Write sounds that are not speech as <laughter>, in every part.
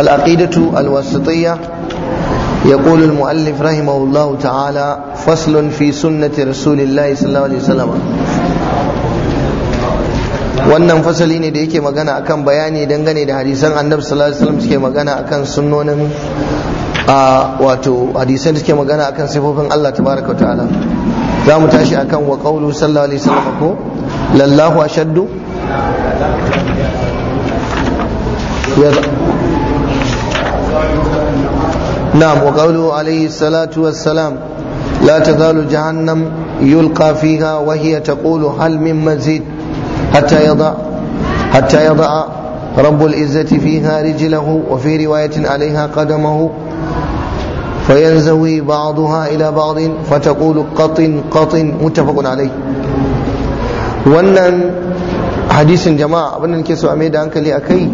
العقيدة الوسطية يقول المؤلف رحمه الله تعالى فصل في سنة رسول الله صلى الله عليه وسلم wannan fasali ne da yake magana akan bayani dangane da hadisan annabi sallallahu alaihi wasallam suke magana akan sunnonin a wato hadisan da suke magana akan sifofin Allah tabaraka ta'ala za mu tashi akan wa qawlu sallallahu alaihi wasallam ko lallahu ashaddu نعم وقوله عليه الصلاة والسلام لا تزال جهنم يلقى فيها وهي تقول هل من مزيد حتى يضع حتى يضع رب العزة فيها رجله وفي رواية عليها قدمه فينزوي بعضها إلى بعض فتقول قط قط متفق عليه wannan hadisin jama'a abin da nake so a mai da hankali a kai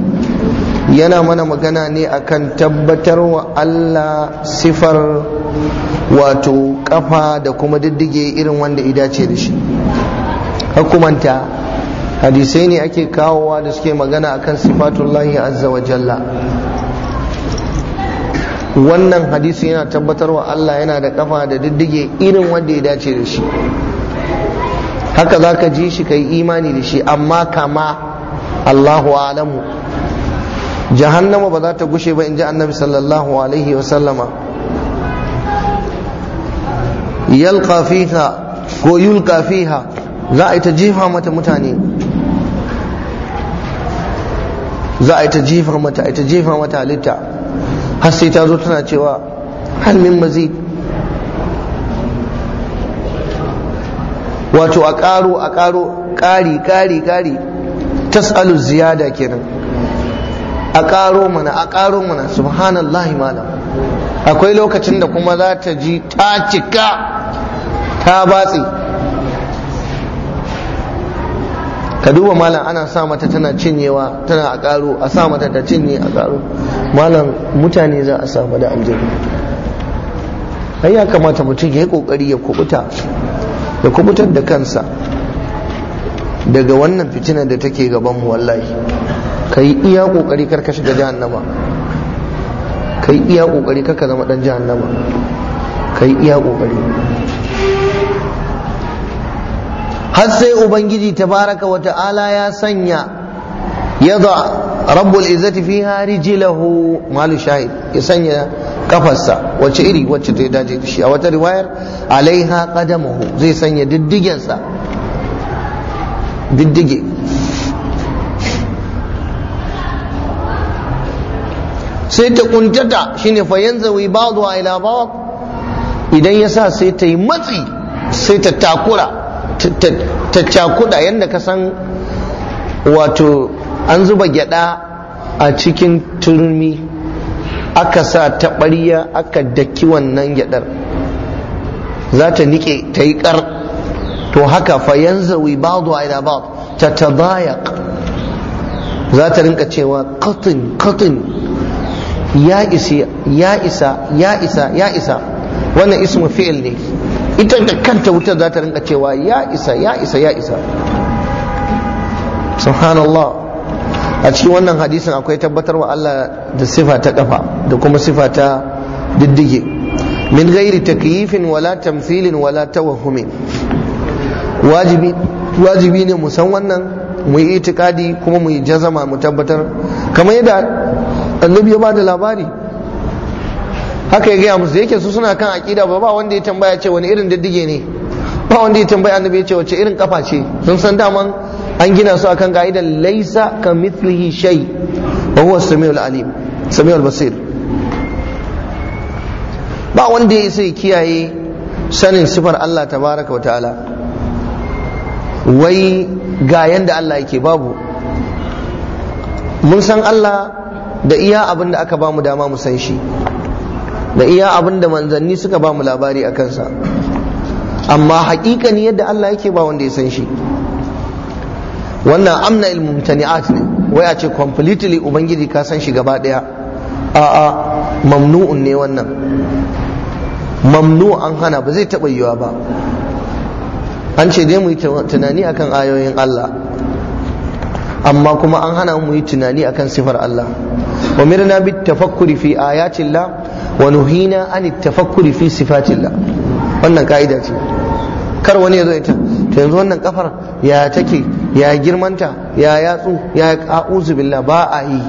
yana mana magana ne akan tabbatar wa Allah sifar wato kafa da kuma diddige irin wanda ce da shi hukumanta hadisai ne ake kawowa da suke magana akan sifatullahi azza wa jalla wannan hadisi yana tabbatar wa Allah yana da kafa da diddige irin wanda ya dace da shi haka za ka ji shi ka yi imani da shi amma kama Allahu alamu jahannama ba za ta gushe ba in ji annabi sallallahu alaihi wasallama yalqa fiha ko yulqa fiha za a yi ta jefa mata mutane za a yi ta jefa mata a yi ta jefa mata halitta har sai ta zo tana cewa hal min mazid wato a ƙaro a ƙaro ƙari ƙari ƙari tas'alu ziyada kenan a ƙaro mana a ƙaro mana subhanallah malam akwai lokacin da kuma za ta ji ta cika ta batsi ka duba malam ana sa mata tana cinyewa tana a ƙaro a sa mata ta cinye a ƙaro malam mutane za a samu da aljanu ai ya kamata mutum ya yi ƙoƙari ya kubuta ya kubutar da kansa daga wannan fitinar da take gaban mu wallahi kai iya kokari karka shiga jahannama kai iya kokari karka zama dan jahannama kai iya kokari har sai ubangiji tabaraka wa ta'ala ya sanya yadda rabbul izzati fi harijilahu malu shahid ya sanya kafarsa wacce iri wacce ta dace da shi a wata riwayar alaiha qadamuhu zai sanya diddigensa diddige sai ta kuntata shine fa yanzawi ba'dha ila ba'd idan yasa sai ta yi matsi sai ta takura ta cakuda yanda ka san wato an zuba gyada a cikin turmi aka sa taɓarya aka daki wannan gyadar za ta nike ta yi kar to haka fa yanzawi ba'dha ila ba'd ta tadayak za ta rinka cewa katin katin ya isa ya isa ya isa ya isa wannan ismu fi'il ne ita da kanta wutar za ta rinka cewa ya isa ya isa ya isa subhanallah a cikin wannan hadisin akwai tabbatarwa Allah da sifa ta kafa da kuma sifa ta diddige min gairi takyifin wala tamthilin wala ta wajibi wajibi ne mu san wannan mu yi itikadi kuma mu yi jazama mu tabbatar kamar yadda annabi ya ba da labari haka ya gaya musu yake su suna kan aƙida ba ba wanda ya tambaya ce wani irin diddige ne ba wanda ya tambaya annabi ya ce wace irin kafa ce sun san daman an gina su akan ga'ida laisa ka mithlihi shay wa huwa samiul alim samiul basir ba wanda ya sai kiyaye sanin sifar Allah tabaraka wa ta'ala wai ga yanda Allah yake babu mun san Allah da iya abin da aka mu dama mu san shi da iya abin da manzanni suka mu labari a kansa amma hakikani yadda Allah yake ba wanda ya san shi wannan amna ilmumtani'at ne Waya ce completely ubangiji ka san shi gaba daya a'a mamnu'un ne wannan mamnu an hana ba zai taɓa yiwa ba an ce dai mu yi tunani akan ayoyin Allah amma kuma an hana mu yi tunani akan sifar Allah umirna bit tafakkuri fi ayatillah wa nuhina an tafakkuri fi sifatillah wannan ka'ida ce kar wani ya zo ita to yanzu wannan kafar ya take ya girmanta ya yatsu ya a'udhu billah ba a yi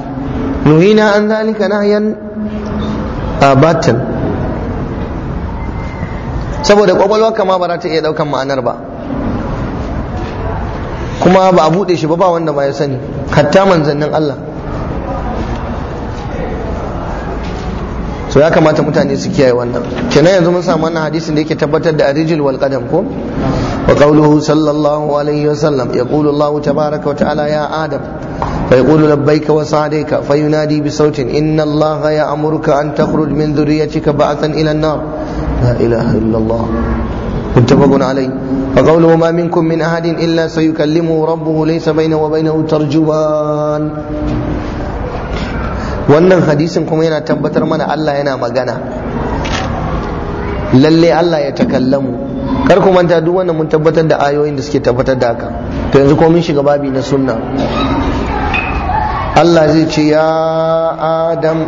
nuhina an zalika nahyan abatan saboda kwakwalwa kama ba za ta iya daukan ma'anar ba kuma ba a bude shi ba ba wanda ba ya sani hatta manzannin Allah so ya kamata mutane su kiyaye wannan kenan yanzu mun samu wannan hadisin da yake tabbatar da arijil wal qadam ko wa qawluhu sallallahu alaihi wa wasallam yaqulu Allah tabaaraka wa ta'ala ya adam fa yaqulu labbaika wa sa'daika fa yunadi bi sautin inna Allah ya'muruka an takhruj min dhurriyyatika ba'than ila an-nar la ilaha illa Allah متفق عليه وقوله ما منكم من أحد إلا سيكلمه ربه ليس بينه وبينه ترجمان wannan hadisin kuma yana tabbatar mana Allah yana magana lalle Allah ya takallamu kar ku manta duk wannan mun tabbatar da ayoyin da suke tabbatar da haka to yanzu ko mun shiga babi na sunna Allah zai ce ya Adam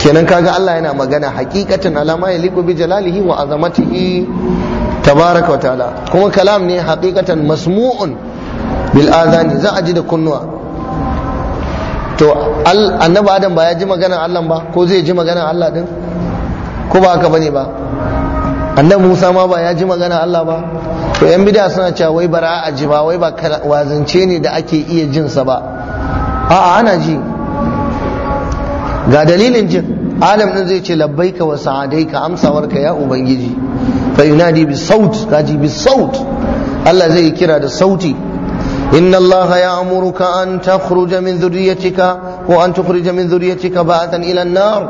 kenan kaga Allah yana magana hakikatan alama ya liku bi jalalihi wa azamatihi tabaraka wa ta'ala kuma kalam ne hakikatan masmu'un bil azani za a ji da kunnuwa to annabi adam ba ya ji maganar Allah ba ko zai ji maganar Allah din ko ba haka bane ba annabi Musa ma ba ya ji maganar Allah ba to yan bid'a suna cewa wai bara a ji ba wai ba wazance ne da ake iya jin ba a'a ana ji ga dalilin jin adam din zai ce labbaika ka amsawar ka ya ubangiji fa yunadi bi saut kaji bi saut Allah zai kira da sauti إن الله يأمرك أن تخرج من ذريتك وأن تخرج من ذريتك بعثا إلى النار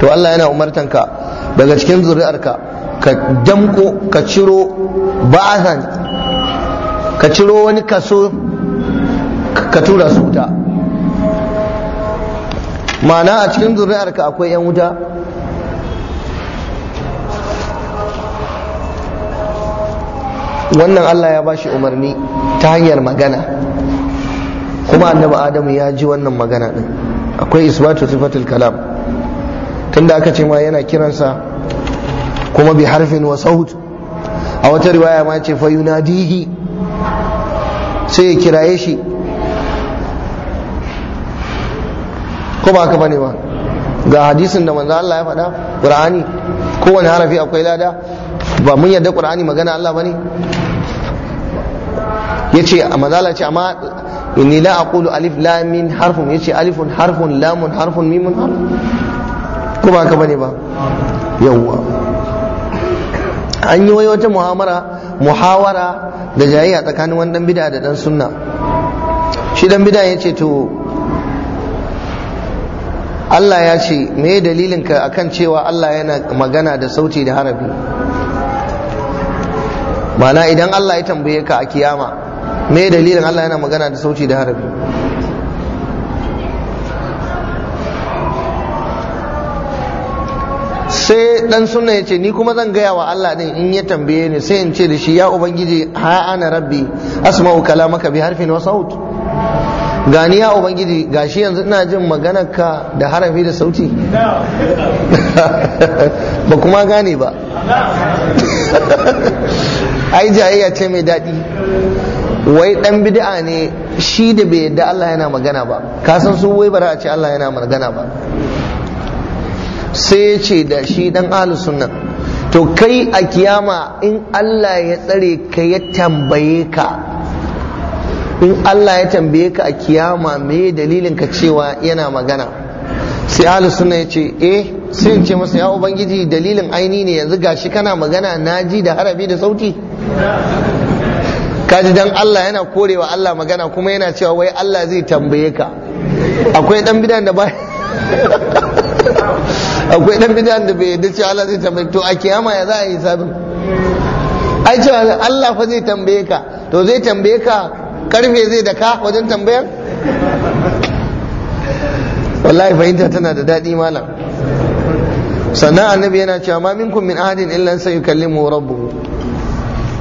to Allah yana umartanka daga cikin zuri'arka ka damko ka ciro ba'athan ka ciro wani kaso ka tura su wuta ma'ana a cikin zuri'arka akwai 'yan wuta wannan Allah ya bashi umarni ta hanyar magana kuma annabi adamu ya ji wannan magana din akwai isbatu sifatul kalam tunda aka ce ma yana kiransa kuma bi harfin wa a wata riwaya ma ce fa yunadihi sai ya kiraye shi ko ba ka bane ba ga hadisin da manzo Allah ya faɗa Qur'ani kowane harafi akwai lada ba mun yadda Qur'ani magana Allah bane yace mazala ce amma inni la aqulu alif lam min harfun yace alifun harfun lamun harfun mimun harf ko ba ka bane ba yawwa an yi wai wata muhamara muhawara da jayayya tsakanin wani dan bid'a da dan sunna shi dan bid'a yace to Allah ya ce me dalilin ka kan cewa Allah yana magana da sauti da harafi ma'ana idan Allah ya tambaye ka a kiyama me dalilin Allah yana magana da sauci da harafi sai dan sunna ya ce ni kuma zan gaya wa Allah din in ya tambaye ni sai in ce da shi ya ubangiji ha ana rabbi asma'u kalamaka bi harfin wa saut gani ya ubangiji gashi yanzu ina jin maganarka da harafi da sauti <laughs> ba kuma gane ba <laughs> ai jayayya ce mai daɗi wai dan bid'a ne shi da bai yadda Allah yana magana ba ka san su wai bara a ce Allah yana magana ba sai ya ce da shi dan ahlus sunna to kai a kiyama in Allah ya tsare ka ya tambaye ka in Allah ya tambaye ka a kiyama me dalilin ka cewa yana magana sai ahlus sunna ya ce eh sai ya ce masa ya ubangiji dalilin aini ne yanzu gashi kana magana naji da harabi da sauti kaji dan Allah yana korewa Allah magana kuma yana cewa wai Allah zai tambaye ka akwai dan bidan da ba <laughs> akwai dan bidan da bai yadda cewa Allah zai tambaye to a kiyama ya za a yi sabin ai cewa Allah fa zai tambaye ka to zai tambaye ka karfe zai da ka wajen tambayar wallahi fahimta tana da daɗi malam sannan annabi yana cewa ma minkum min ahadin illa sayukallimu rabbuhu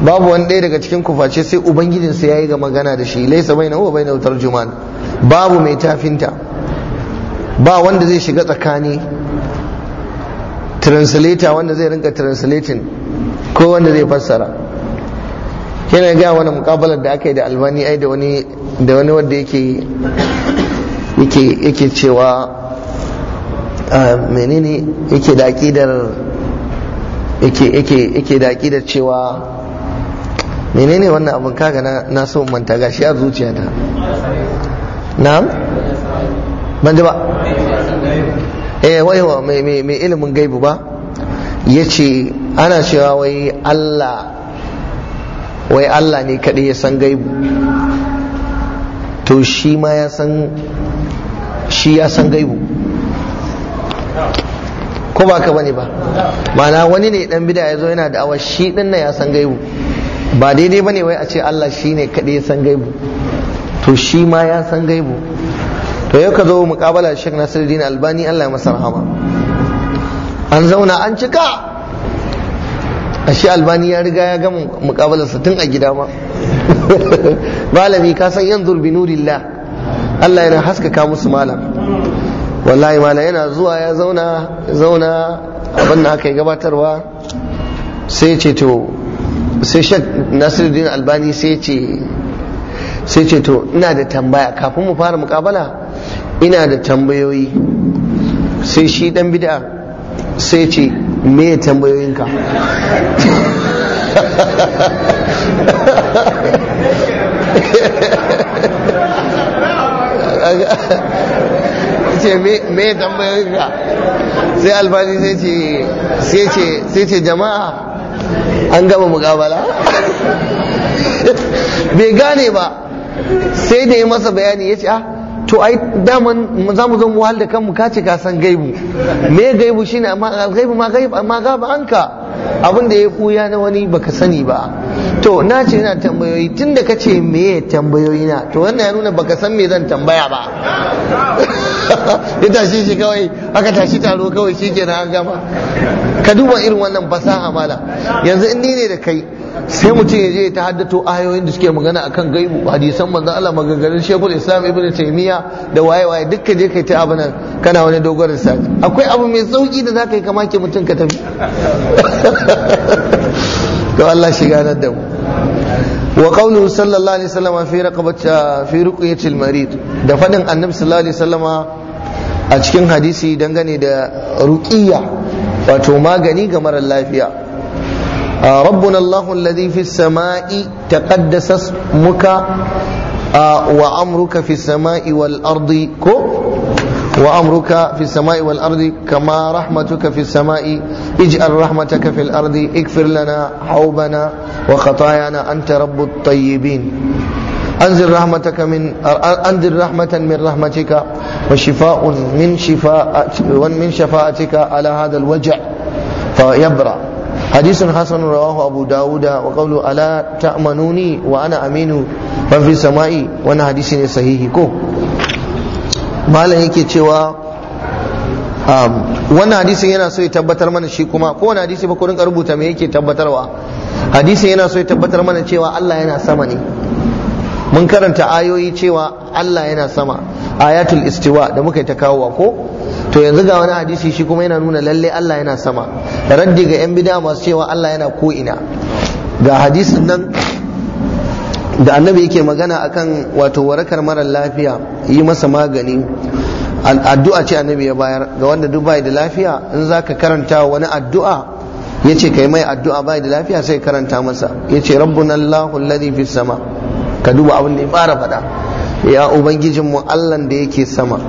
babu wani ɗaya daga cikin kuface sai ubangijinsa ya yi ga magana da shi laisa bai na uwa bai na wutar juman babu mai tafinta ba wanda zai shiga tsakani translator wanda zai rinka translating ko wanda zai fassara yana ga wani mukabalar da aka yi da albani ai da wani da wani wanda yake yake yake cewa menene yake da aqidar yake yake yake da aqidar cewa menene wannan abin kaga na na so manta gashi a zuciyata na'am ban ji ba eh waiwa mai mai mai ilimin gaibu ba yace ana cewa wai Allah wai Allah ne kadai ya san gaibu to shi ma ya san shi ya san gaibu ko ba ka bane ba ma'ana wani ne dan bida ya zo yana da awa shi din nan ya san gaibu ba daidai bane wai a ce Allah ne kaɗai ya san gaibu to shi ma ya san gaibu to yau ka zo muƙabala nasiru Nasiruddin Albani Allah ya masa rahama an zauna an cika a shi Albani ya riga ya gama muƙabalarsa tun a gida ma <laughs> malami ka san yanzu bi nurillah Allah yana haskaka musu malam wallahi malam yana zuwa ya zauna zauna abin da aka yi gabatarwa sai ce to sai shek nasiruddin albani sai ce ce to ina da tambaya kafin mu fara mukabala ina da tambayoyi sai shi dan bid'a sai ce me tambayoyinka <laughs> ce me tambayoyinka sai albani sai ce jama'a an gama mukabala bai gane ba sai da ya masa bayani ya ce ah to ai daman za mu zo mu wahal da kanmu kace ka san gaibu me gaibu shine amma gaibu ma gaibu amma gaba anka abin da ya buya na wani baka sani ba to na ce ina tambayoyi tun da ka ce meye tambayoyi na to wannan ya nuna baka san me zan tambaya ba <laughs> ya tashi shi kawai aka tashi taro kawai shi ke an gama ka duba irin wannan fasaha mala yanzu in ni ne da kai sai mutum ya je ta haddato ayoyin da suke magana akan gaibu hadisan manzo Allah magagarin shekul Islam Ibn Taymiya da waye waye duk je kai ta abin nan kana wani dogon lissafi akwai abu mai sauki da zaka yi kamake mutum ka tafi <laughs> to Allah shiga nan da mu wa qawluhu sallallahu alaihi wasallam fi raqabati fi ruqyatil marid da fadin annab sallallahu alaihi wasallama a cikin hadisi dangane da ruqiyya wato magani ga marar lafiya ربنا الله الذي في السماء تقدس اسمك fi sama'i wal ardi ko. وأمرك في السماء والأرض كما رحمتك في السماء اجعل رحمتك في الأرض اكفر لنا حوبنا وخطايانا أنت رب الطيبين أنزل رحمتك من أنزل رحمة من رحمتك وشفاء من شفاء من شفاءتك على هذا الوجع فيبرأ حديث حسن رواه أبو داود وقوله ألا تأمنوني وأنا أمين من في سمائي وأنا حديث صحيح كو malam yake cewa um, wannan hadisin yana so ya tabbatar mana shi kuma kowane hadisi ba ku rinka rubuta me yake tabbatarwa hadisin yana so ya tabbatar mana cewa Allah yana sama ne mun karanta ayoyi cewa Allah yana sama ayatul istiwa da muka yi ta kawowa ko to yanzu ga wani hadisi shi kuma yana nuna lalle Allah yana sama raddi ga yan bid'a masu cewa Allah yana ko ina ga hadisin nan da annabi yake magana akan wato warakar marar lafiya yi masa magani addu'a ce annabi ya bayar ga wanda duk bai da lafiya in za ka karanta wani addu'a ya ce kai mai addu'a bai da lafiya sai karanta masa ya ce rabbun allahu alladhi fi sama ka duba abin da ya fara faɗa ya ubangijin mu allan da yake sama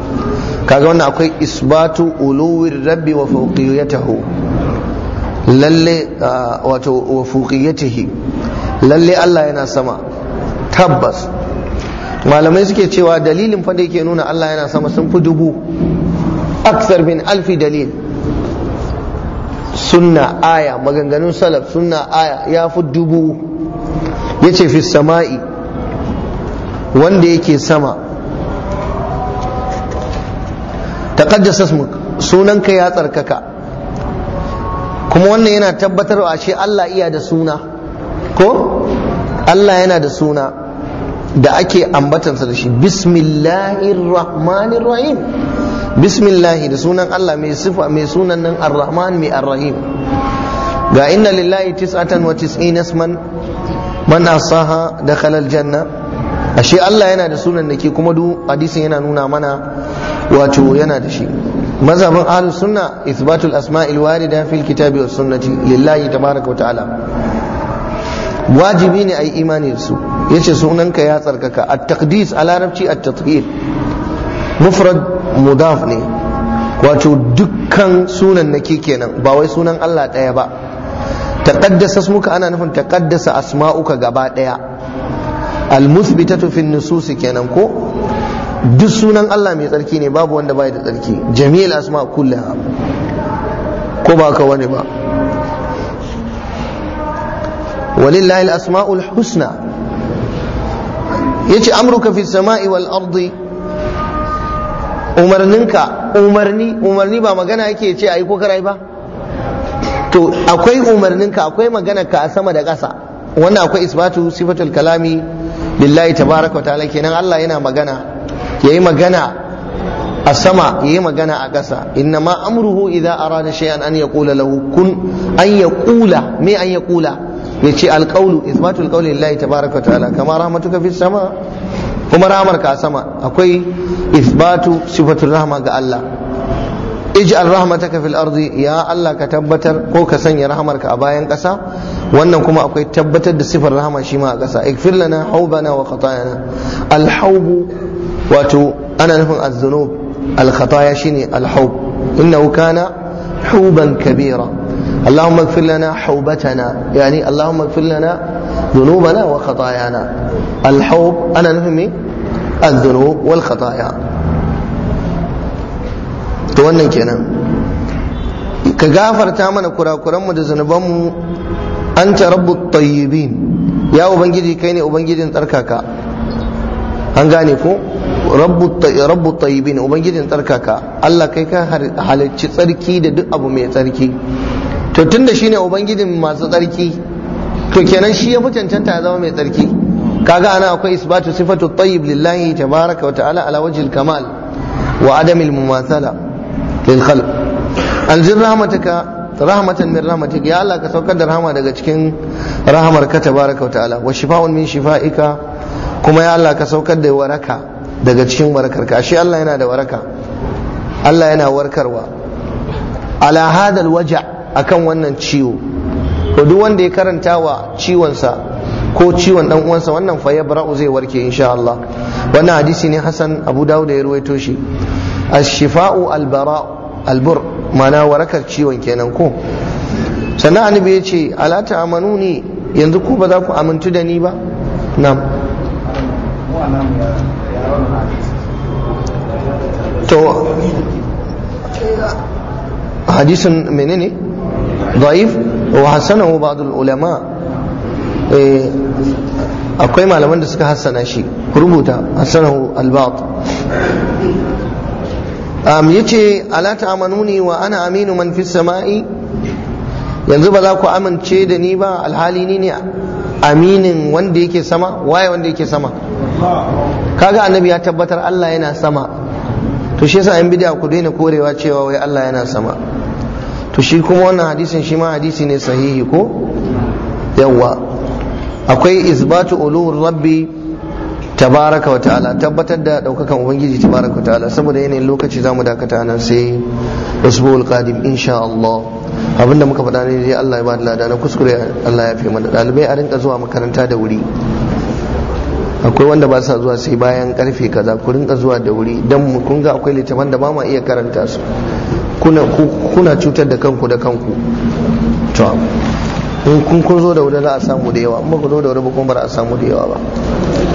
kaga wannan akwai isbatu uluwir rabbi wa fawqiyatihi lalle wato wa fawqiyatihi lalle allah yana sama tabbas malamai suke cewa dalilin fa da yake nuna Allah yana sama sun fi dubu aksar min alfi dalil sunna aya maganganun salaf sunna aya ya fi dubu ya ce fi sama'i wanda yake sama taqaddasa ismuk sunanka ya tsarkaka kuma wannan yana tabbatarwa ashe Allah iya da suna ko Allah yana da suna da ake ambatansa da shi bismillahir rahmanir rahim bismillahi da sunan Allah mai sifa mai sunan nan ar mai ar ga inna lillahi tis'atan wa tis'ina isman man asaha dakhala aljanna janna ashe Allah yana da sunan dake kuma duk hadisin yana nuna mana wato yana da shi mazhabin ahlus sunna ithbatul asma'il warida fil kitabi was sunnati lillahi tabaaraka wa ta'ala wajibi ne a yi imani da su ya ce sunanka ya tsarkaka a takdis a larabci a tathir mufrad mudaf ne wato dukkan sunan nake kenan ba wai sunan Allah ɗaya ba taqaddasa muka ana nufin taqaddasa asma'uka gaba ɗaya almuthbitatu tufin nususi kenan ko duk sunan Allah mai tsarki ne babu wanda bai da tsarki jamil asma kula ko ba ka wani ba walillahi al-asma'ul husna yace amruka fi samai wal ardi umarninka umarni umarni ba magana yake ce ai ko karai ba to akwai umarninka akwai magana ka a sama da ƙasa wannan akwai isbatu sifatul kalami lillahi tabaraka wa ta'ala kenan Allah yana magana yayi magana a sama ya yi magana a ƙasa inna ma amruhu idza arada shay'an an yaqula lahu kun an yaqula me an yaqula ya ce alƙaulu isbatul ƙauli lillahi tabaraka ta'ala kama rahmatuka fi sama kuma rahmar ka sama akwai isbatu sifatul rahma ga Allah ij'al rahmataka fil ardi ya Allah ka tabbatar ko ka sanya rahmarka a bayan ƙasa wannan kuma akwai tabbatar da sifar rahma shi ma a ƙasa ikfir lana haubana wa khatayana alhaubu wato ana nufin az-zunub al-khataya shine alhaub innahu kana huban kabira اللهم اغفر لنا حوبتنا يعني اللهم اغفر لنا ذنوبنا وخطايانا الحوب انا نهمي الذنوب والخطايا wannan kenan ka gafarta mana kurakuranmu da zunubanmu anta rabbut tayyibin ya ubangiji kai ne ubangijin tsarkaka an gane ko rabbu tayyibin ubangijin tsarkaka Allah kai ka halicci tsarki da duk abu mai tsarki to tunda shine ubangijin masu tsarki to kenan shi ya fi cancanta ya zama mai tsarki kaga ana akwai isbatu sifatu tayyib lillahi tabaraka wa ta'ala ala wajhil kamal wa adam al mumathala lil khalq anzir rahmataka rahmatan min rahmatik ya Allah ka saukar da rahama daga cikin rahamar ka tabaraka wa ta'ala wa shifa'un min shifa'ika kuma ya Allah ka saukar da waraka daga cikin warakarka ashe Allah yana da waraka Allah yana warkarwa ala hadal waja' akan wannan ciwo to duk wanda ya karanta wa ciwonsa ko ciwon dan uwansa wannan fa yabra'u zai warke insha Allah wannan hadisi ne Hassan Abu Dawud ya ruwaito shi ash-shifa'u al-bara' al-bur mana warakar ciwon kenan ko sannan annabi ya ce ala ta'amanu ni yanzu ku ba za ku amintu da ni ba na'am to hadisin menene ضعيف وحسنه بعض العلماء akwai malaman da suka hassana shi rubuta hassanahu albat um, ya ce ala ta'amanuni wa ana aminu man yanzu ba za ku amince da ni ba alhali ni ne aminin wanda yake sama waye wanda yake sama kaga annabi ya tabbatar Allah yana sama to shi yasa yan bid'a ku daina korewa cewa wai Allah yana sama to shi kuma wannan hadisin shi ma hadisi ne sahihi ko yawa akwai isbatu ulur rabbi tabaraka wa ta'ala tabbatar da daukakan ubangiji tabaraka wa ta'ala saboda yanayin lokaci zamu dakata nan sai usbuul qadim insha Allah abinda muka faɗa ne dai Allah ya ba da lada na kuskure Allah ya fi mana dalibai a rinka zuwa makaranta da wuri akwai wanda ba sa zuwa sai bayan karfe kaza ku rinka zuwa da wuri dan kun ga akwai littafan da ba ma iya karanta su kuna kuna cutar da kanku da kanku to in kun zo da wuri za a samu da yawa amma ku zo da wuri ba kuma a samu da yawa ba